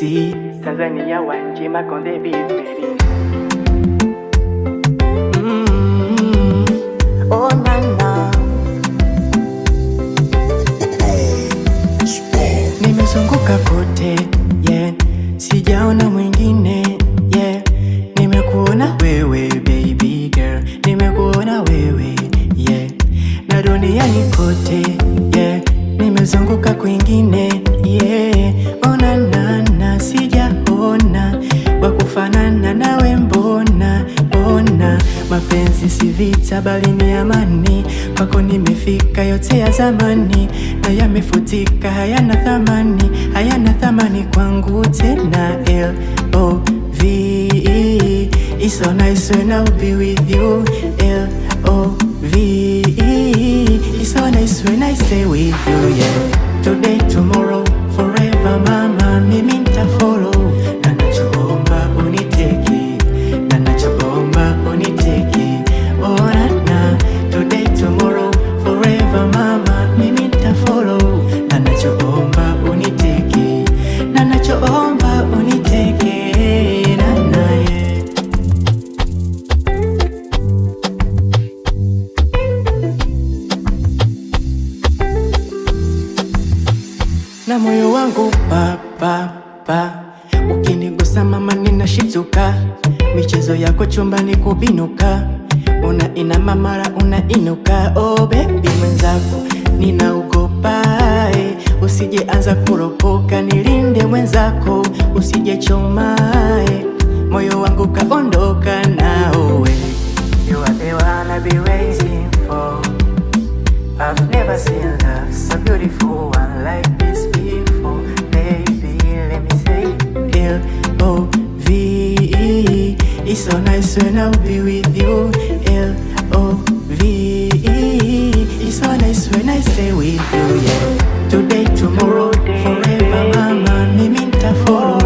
Messi Tanzania wanjima konde biberi mm-hmm. oh, kote yeah, sijaona mwingine yeah, nimekuona wewe baby girl, nimekuona wewe yeah, na duniani kote yeah, nimezunguka kwingine yeah. Mapenzi si vita bali ni amani, kwako nimefika. Yote ya zamani na yamefutika, hayana thamani, hayana thamani kwangu tena. L O V E, it's so nice when I'll be with you L e. moyo wangu baba pa, ukinigusa mama ninashituka, michezo yako chumbani kubinuka, una mamara mara inuka Oh baby mwenzako ninaogopa, usije anza kuropoka, nilinde mwenzako usije eh, moyo wangu kaondoka nawe I've never seen love so beautiful one like this. It's so nice when I'll be with you. L O V E. It's so nice when I stay with you. Yeah. Today, tomorrow, forever, mama, me mean to follow.